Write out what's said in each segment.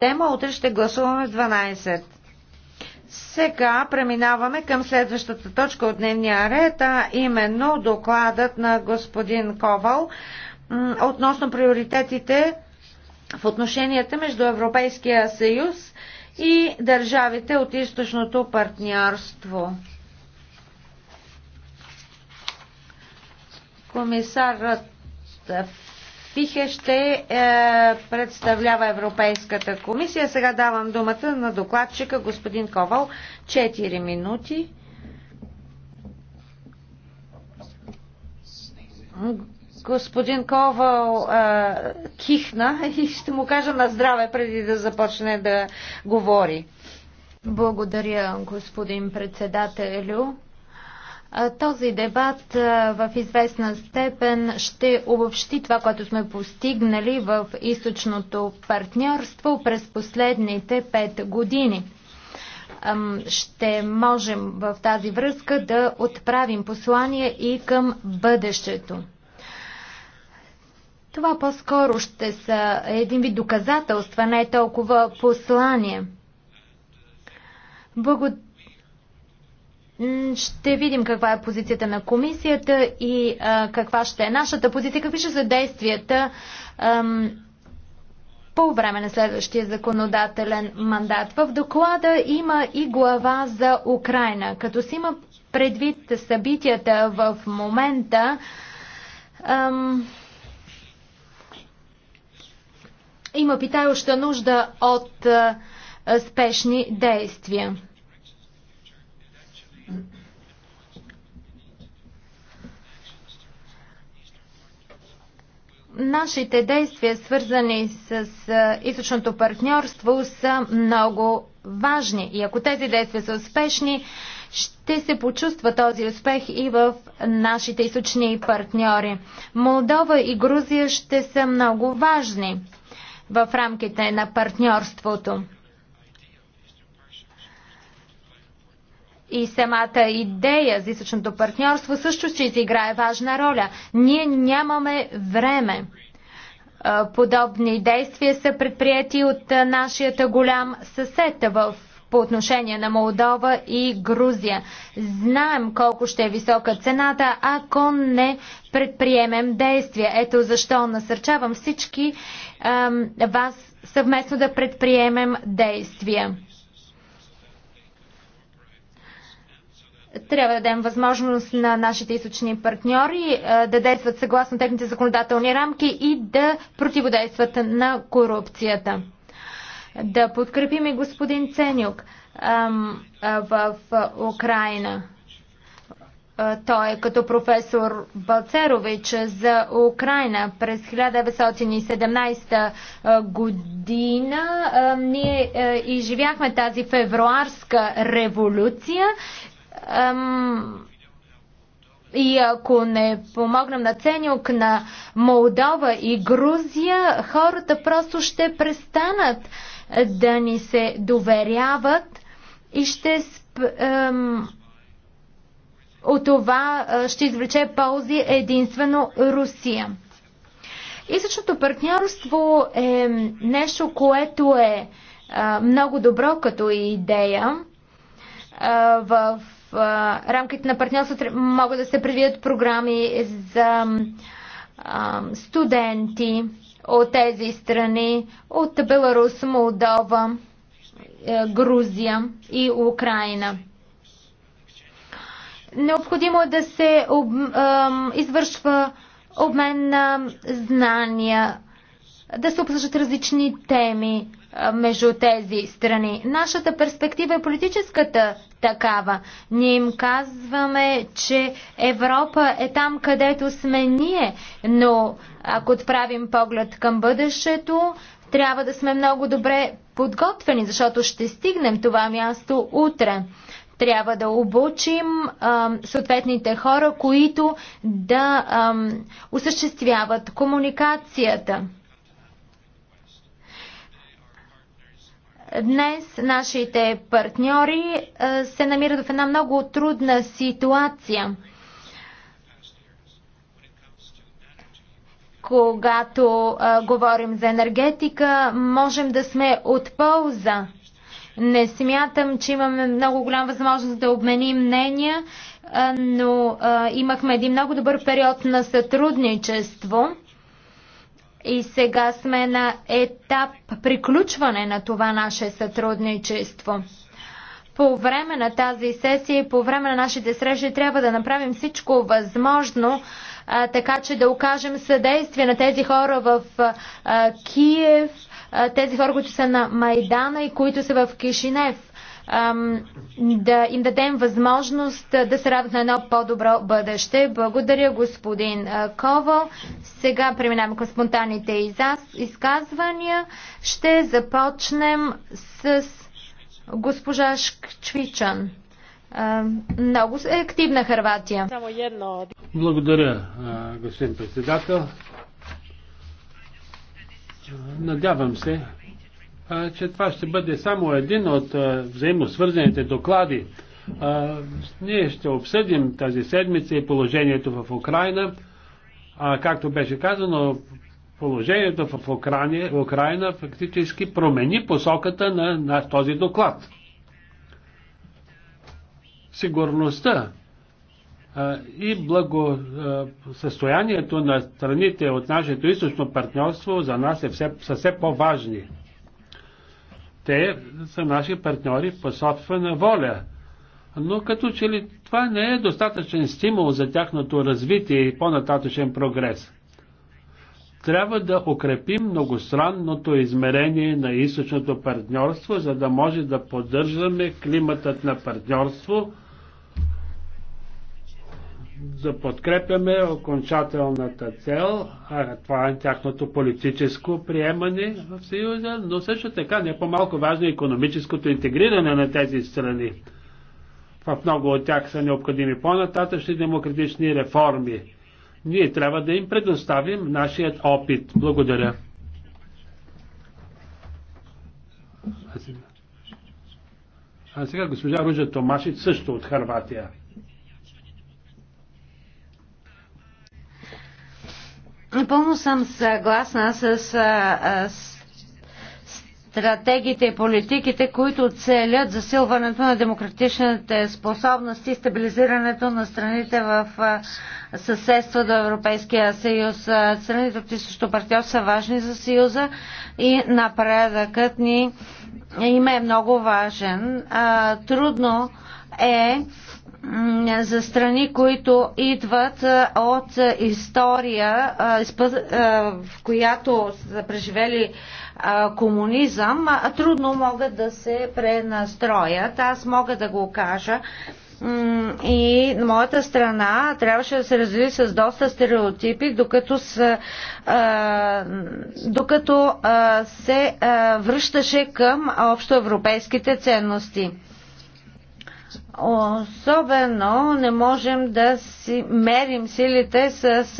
тема. Утре ще гласуваме в 12. Сега преминаваме към следващата точка от дневния ред, а именно докладът на господин Ковал относно приоритетите в отношенията между Европейския съюз и държавите от източното партньорство. Комисарът Тихе ще е, представлява Европейската комисия. Сега давам думата на докладчика господин Ковал. 4 минути. Господин Ковал е, кихна и ще му кажа на здраве преди да започне да говори. Благодаря, господин председателю. Този дебат в известна степен ще обобщи това, което сме постигнали в източното партньорство през последните пет години. Ще можем в тази връзка да отправим послание и към бъдещето. Това по-скоро ще са един вид доказателства, не толкова послание. Благодаря ще видим каква е позицията на комисията и а, каква ще е нашата позиция, какви ще са действията ам, по време на следващия законодателен мандат. В доклада има и глава за Украина. Като си има предвид събитията в момента, ам, има питающа нужда от а, спешни действия. Нашите действия, свързани с източното партньорство, са много важни. И ако тези действия са успешни, ще се почувства този успех и в нашите източни партньори. Молдова и Грузия ще са много важни в рамките на партньорството. И самата идея за източното партньорство също ще изиграе важна роля. Ние нямаме време. Подобни действия са предприяти от нашията голям съсед в по отношение на Молдова и Грузия. Знаем колко ще е висока цената, ако не предприемем действия. Ето защо насърчавам всички ам, вас съвместно да предприемем действия. Трябва да дадем възможност на нашите източни партньори е, да действат съгласно техните законодателни рамки и да противодействат на корупцията. Да подкрепим и господин Ценюк в Украина. Той е като професор Балцерович за Украина. През 1917 година ние изживяхме тази февруарска революция и ако не помогнем на Ценюк, на Молдова и Грузия, хората просто ще престанат да ни се доверяват и ще сп, ем, от това ще извлече ползи единствено Русия. Източното партньорство е нещо, което е, много добро като идея. в рамките на партньорството могат да се предвидят програми за студенти от тези страни, от Беларус, Молдова, е, Грузия и Украина. Необходимо е да се об, е, извършва обмен на знания, да се обсъждат различни теми, между тези страни. Нашата перспектива е политическата такава. Ние им казваме, че Европа е там, където сме ние, но ако отправим поглед към бъдещето, трябва да сме много добре подготвени, защото ще стигнем това място утре. Трябва да обучим ам, съответните хора, които да ам, осъществяват комуникацията. Днес нашите партньори е, се намират в една много трудна ситуация. Когато е, говорим за енергетика, можем да сме от полза. Не смятам, че имаме много голяма възможност да обменим мнения, е, но имахме един много добър период на сътрудничество. И сега сме на етап приключване на това наше сътрудничество. По време на тази сесия и по време на нашите срещи трябва да направим всичко възможно, а, така че да окажем съдействие на тези хора в а, Киев, а, тези хора, които са на Майдана и които са в Кишинев да им дадем възможност да се радват на едно по-добро бъдеще. Благодаря, господин Ковал. Сега преминаваме към спонтанните изказвания. Ще започнем с госпожа Шквичан. Много е активна Харватия. Благодаря, господин председател. Надявам се, че това ще бъде само един от взаимосвързаните доклади. Ние ще обсъдим тази седмица и положението в Украина. А, както беше казано, положението в Украина, Украина фактически промени посоката на, на този доклад. Сигурността а, и благосъстоянието на страните от нашето източно партньорство за нас е все, са все по-важни те са наши партньори по собствена воля. Но като че ли това не е достатъчен стимул за тяхното развитие и по-нататъчен прогрес. Трябва да укрепим многостранното измерение на източното партньорство, за да може да поддържаме климатът на партньорство – да подкрепяме окончателната цел, а това е тяхното политическо приемане в Съюза, но също така не по-малко важно е економическото интегриране на тези страни. В много от тях са необходими по-нататъчни демократични реформи. Ние трябва да им предоставим нашият опит. Благодаря. А сега госпожа Ружа Томашич също от Харватия. Напълно съм съгласна с стратегиите и политиките, които целят засилването на демократичните способности и стабилизирането на страните в съседство до Европейския съюз. Страните от източното партньорство са важни за съюза и напредъкът ни им е много важен. Трудно е за страни, които идват от история, в която са преживели комунизъм, трудно могат да се пренастроят. Аз мога да го кажа и моята страна трябваше да се разви с доста стереотипи, докато, с, а, докато а, се а, връщаше към общоевропейските ценности. Особено не можем да си мерим силите с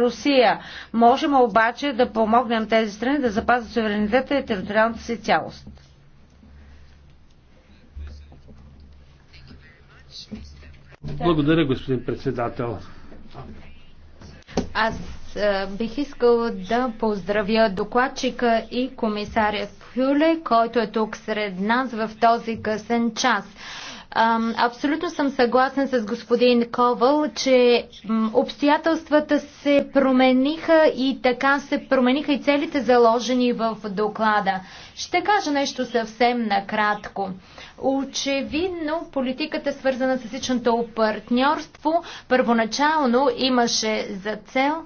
Русия. Можем обаче да помогнем тези страни да запазят суверенитета и териториалната си цялост. Благодаря, господин председател. Аз бих искал да поздравя докладчика и комисаря Фюле, който е тук сред нас в този късен час. Абсолютно съм съгласен с господин Ковал, че обстоятелствата се промениха и така се промениха и целите заложени в доклада. Ще кажа нещо съвсем накратко. Очевидно, политиката свързана с личното партньорство първоначално имаше за цел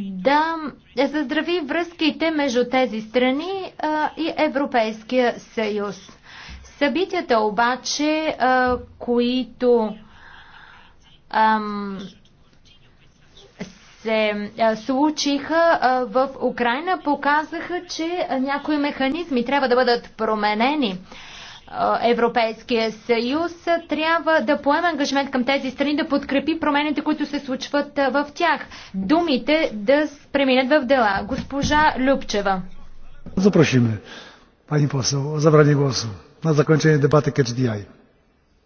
да заздрави връзките между тези страни и Европейския съюз. Събитията обаче, а, които ам, се случиха в Украина, показаха, че някои механизми трябва да бъдат променени. Европейския съюз трябва да поеме ангажмент към тези страни, да подкрепи промените, които се случват в тях. Думите да преминат в дела. Госпожа Любчева. Запрошиме, пани посол, забрани гласа на zakończenie дебата КЕЧДИАЙ.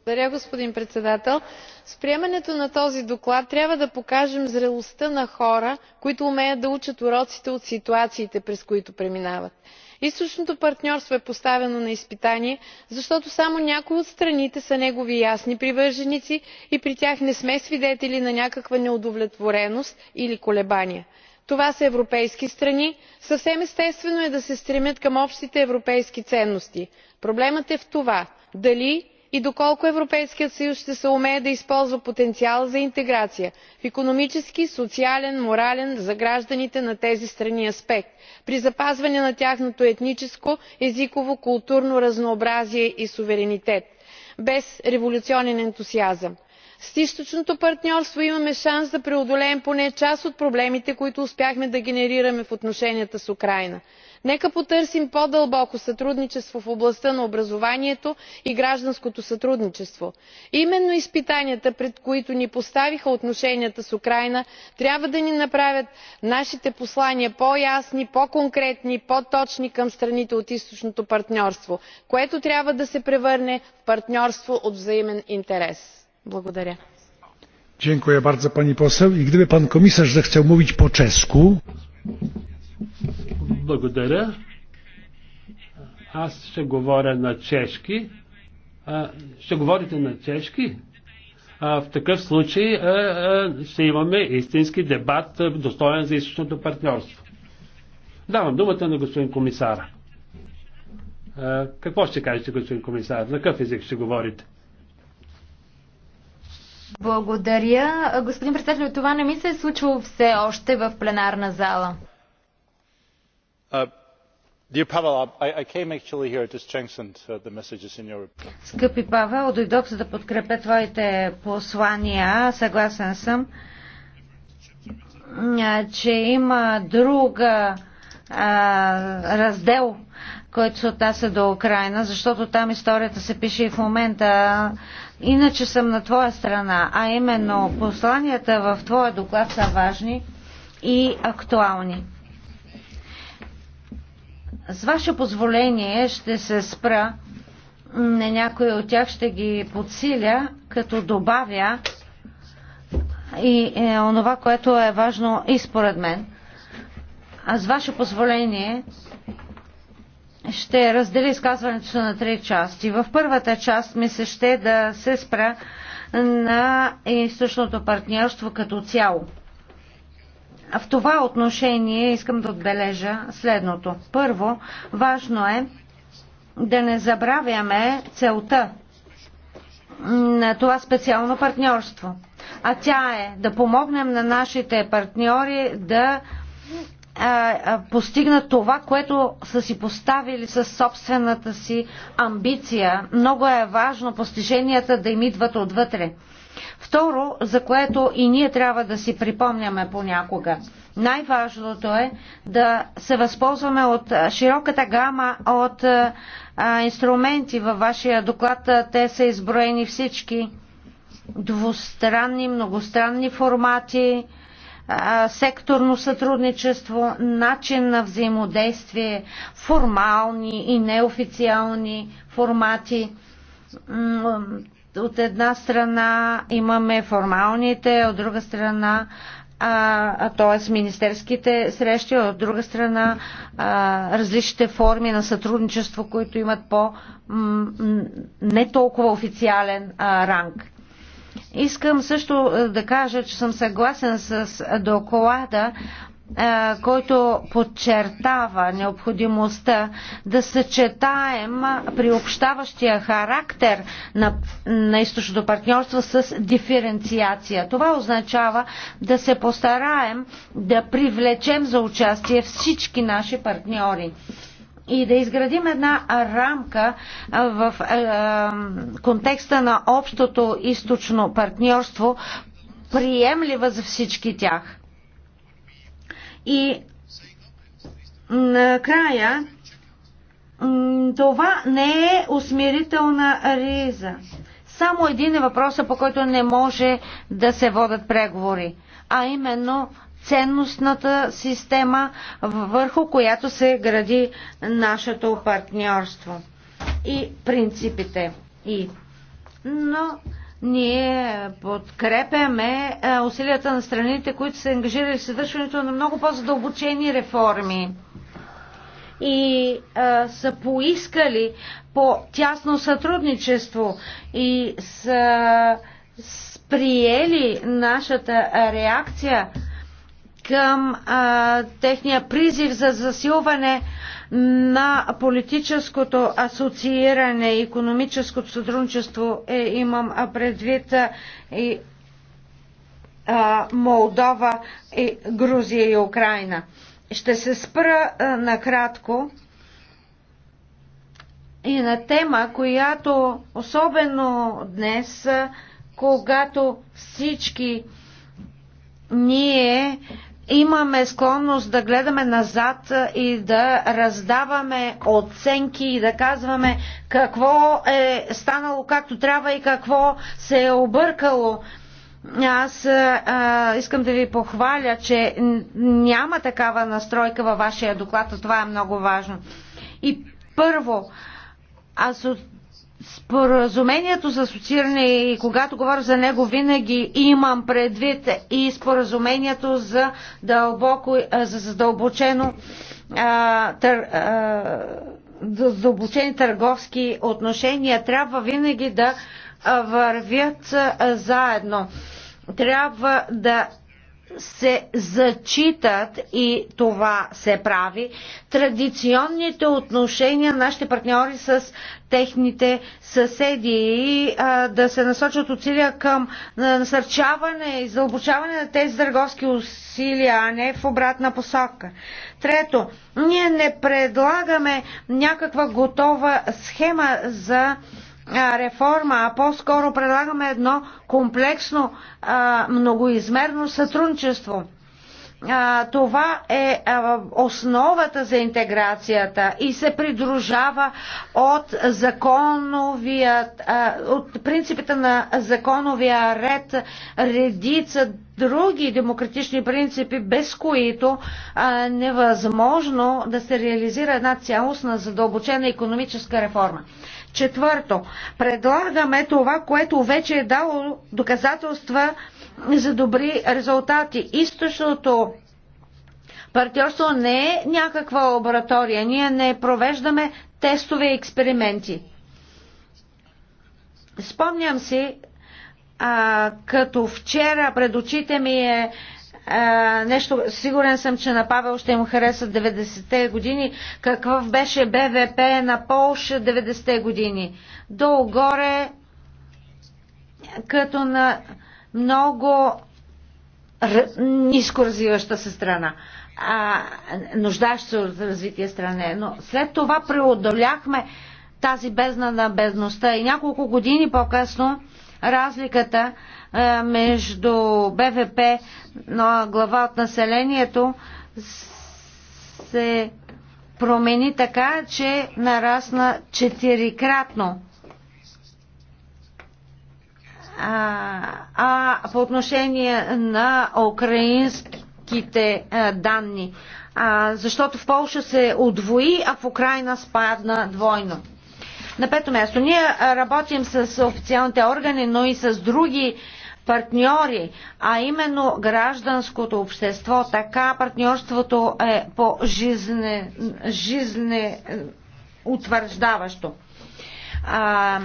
Благодаря, господин председател. С приемането на този доклад трябва да покажем зрелостта на хора, които умеят да учат уроците от ситуациите, през които преминават. Източното партньорство е поставено на изпитание, защото само някои от страните са негови ясни привърженици и при тях не сме свидетели на някаква неудовлетвореност или колебания това са европейски страни съвсем естествено е да се стремят към общите европейски ценности. проблемът е в това дали и доколко европейският съюз ще съумее да използва потенциала за интеграция в икономически социален морален за гражданите на тези страни аспект при запазване на тяхното етническо езиково културно разнообразие и суверенитет без революционен ентусиазъм с източното партньорство имаме шанс да преодолеем поне част от проблемите които успяхме да генерираме в отношенията с украйна. нека потърсим по дълбоко сътрудничество в областта на образованието и гражданското сътрудничество. именно изпитанията пред които ни поставиха отношенията с украйна трябва да направят нашите послания по ясни по конкретни по точни към страните от източното партньорство което трябва да се превърне в партньорство от взаимен интерес. Благодаря. Dziękuję bardzo pani poseł. I gdyby pan komisarz zechciał mówić po czesku. Благодаря. Аз ще говоря на чешки. А, ще говорите на чешки? А, в такъв случай а, а, ще имаме истински дебат, достоен за източното партньорство. Давам думата на господин комисара. А, какво ще кажете, господин комисар? На какъв език ще говорите? Благодаря. Господин председател, това не ми се е случило все още в пленарна зала. Uh, uh, Скъпи Павел, дойдох за да подкрепя твоите послания. Съгласен съм, че има друг а, раздел, който се отнася до Украина, защото там историята се пише и в момента. Иначе съм на твоя страна, а именно посланията в твоя доклад са важни и актуални. С ваше позволение ще се спра на някои от тях, ще ги подсиля, като добавя и е, онова, което е важно и според мен. А с ваше позволение ще разделя изказването на три части. В първата част ми се ще е да се спра на източното партньорство като цяло. В това отношение искам да отбележа следното. Първо, важно е да не забравяме целта на това специално партньорство. А тя е да помогнем на нашите партньори да е, е, постигнат това, което са си поставили със собствената си амбиция. Много е важно постиженията да им идват отвътре. Второ, за което и ние трябва да си припомняме понякога. Най-важното е да се възползваме от широката гама от а, е, инструменти. Във вашия доклад те са изброени всички двустранни, многостранни формати, секторно сътрудничество, начин на взаимодействие, формални и неофициални формати. От една страна имаме формалните, от друга страна т.е. министерските срещи, от друга страна а, различните форми на сътрудничество, които имат по не толкова официален а, ранг. Искам също е, да кажа, че съм съгласен с доклада, е, който подчертава необходимостта да съчетаем приобщаващия характер на, на източното партньорство с диференциация. Това означава да се постараем да привлечем за участие всички наши партньори и да изградим една рамка в контекста на общото източно партньорство, приемлива за всички тях. И накрая това не е усмирителна риза. Само един е въпросът, по който не може да се водат преговори, а именно ценностната система, върху която се гради нашето партньорство и принципите и. Но ние подкрепяме е, усилията на страните, които са ангажирали с извършването на много по-задълбочени реформи и а, е, са поискали по-тясно сътрудничество и са сприели нашата реакция към а, техния призив за засилване на политическото асоцииране и економическото сътрудничество, е, имам предвид а, и а, Молдова, и Грузия и Украина. Ще се спра а, накратко и на тема, която особено днес, когато всички ние имаме склонност да гледаме назад и да раздаваме оценки и да казваме какво е станало както трябва и какво се е объркало. Аз а, искам да ви похваля, че няма такава настройка във вашия доклад, а това е много важно. И първо, асоциация Споразумението за асоцииране и когато говоря за него винаги имам предвид и споразумението за дълбоко, за задълбочено а, тър, а, задълбочени търговски отношения трябва винаги да вървят заедно. Трябва да се зачитат и това се прави традиционните отношения на нашите партньори с техните съседи и а, да се насочат усилия към насърчаване и задълбочаване на тези дърговски усилия, а не в обратна посока. Трето, ние не предлагаме някаква готова схема за реформа, а по-скоро предлагаме едно комплексно многоизмерно сътрудничество. Това е основата за интеграцията и се придружава от законовият, от принципите на законовия ред, редица други демократични принципи, без които невъзможно да се реализира една цялостна задълбочена економическа реформа. Четвърто, предлагаме това, което вече е дало доказателства за добри резултати. Източното партньорство не е някаква лаборатория. Ние не провеждаме тестове и експерименти. Спомням си, а, като вчера пред очите ми е а, нещо, сигурен съм, че на Павел ще му харесат 90-те години. Какъв беше БВП на Полша 90-те години? Долу-горе, като на много ниско развиваща се страна а, нуждаещ се от развитие стране. Но след това преодоляхме тази бездна на бедността и няколко години по-късно разликата е, между БВП на глава от населението се промени така, че нарасна четирикратно. А, а по отношение на украинските а, е, данни, а, защото в Польша се отвои, а в Украина спадна двойно. На пето място, ние работим с официалните органи, но и с други партньори, а именно гражданското общество. Така партньорството е по-жизнеутвърждаващо. Жизне е, а,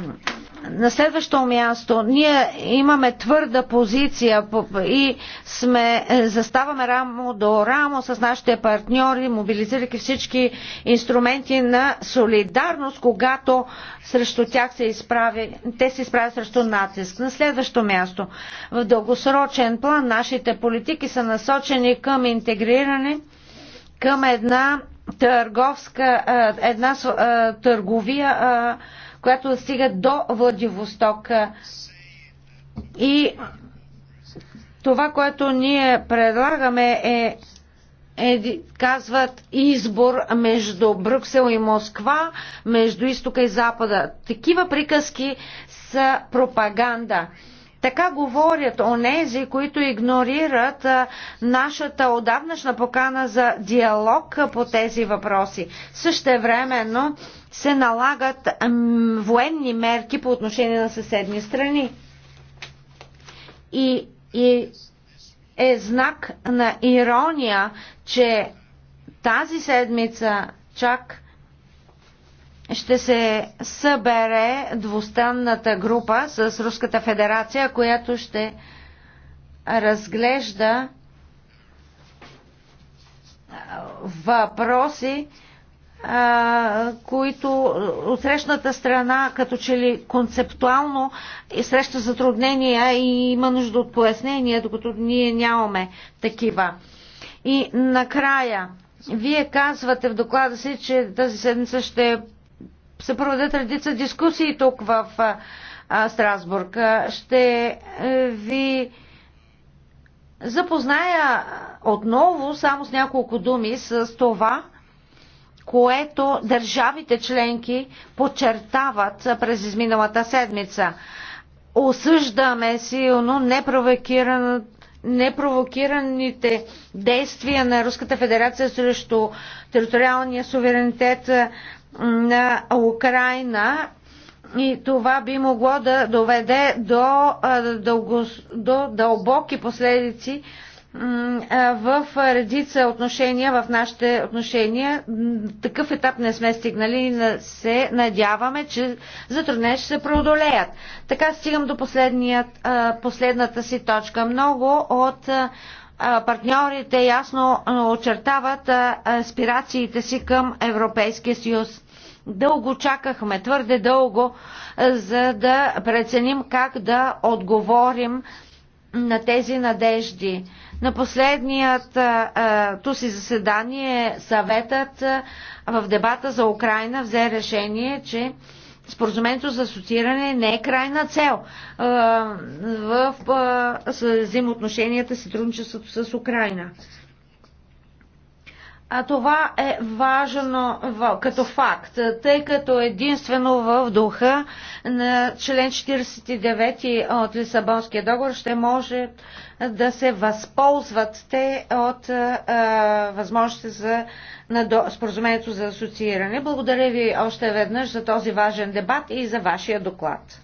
на следващо място, ние имаме твърда позиция и сме, е, заставаме рамо до рамо с нашите партньори, мобилизирайки всички инструменти на солидарност, когато срещу тях се изправи, те се изправят срещу натиск. На следващо място, в дългосрочен план нашите политики са насочени към интегриране, към една търговска, е, една е, търговия която да стига до Владивосток. И това, което ние предлагаме е, е казват избор между Брюксел и Москва, между изтока и запада. Такива приказки са пропаганда. Така говорят онези, които игнорират а, нашата отдавнашна покана за диалог а, по тези въпроси. Същевременно се налагат военни мерки по отношение на съседни страни. И, и е знак на ирония, че тази седмица чак ще се събере двустранната група с Руската федерация, която ще разглежда въпроси, които от срещната страна като че ли концептуално среща затруднения и има нужда от пояснения, докато ние нямаме такива. И накрая, вие казвате в доклада си, че тази седмица ще се проведат редица дискусии тук в Страсбург. Ще ви запозная отново само с няколко думи с това, което държавите членки подчертават през изминалата седмица. Осъждаме силно непровокираните действия на Руската федерация срещу териториалния суверенитет на Украина и това би могло да доведе до, до, до дълбоки последици в редица отношения, в нашите отношения. Такъв етап не сме стигнали и се надяваме, че затруднения ще се преодолеят. Така стигам до последната си точка. Много от партньорите ясно очертават аспирациите си към Европейския съюз. Дълго чакахме, твърде дълго, за да преценим как да отговорим на тези надежди. На последният ту си заседание съветът в дебата за Украина взе решение, че Споразумението за асоцииране не е крайна цел в взаимоотношенията си трудничеството с Украина. А това е важно като факт, тъй като единствено в духа на член 49 от Лисабонския договор ще може да се възползват те от а, възможности за споразумението за асоцииране. Благодаря ви още веднъж за този важен дебат и за вашия доклад.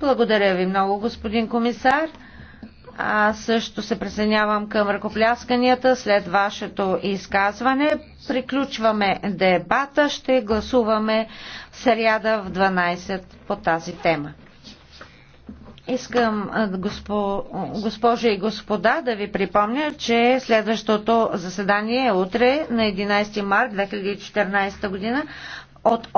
Благодаря ви много, господин комисар. Аз също се присъединявам към ръкоплясканията след вашето изказване. Приключваме дебата. Ще гласуваме в сряда в 12 по тази тема. Искам, госпо, госпожи и господа, да ви припомня, че следващото заседание е утре на 11 март 2014 година от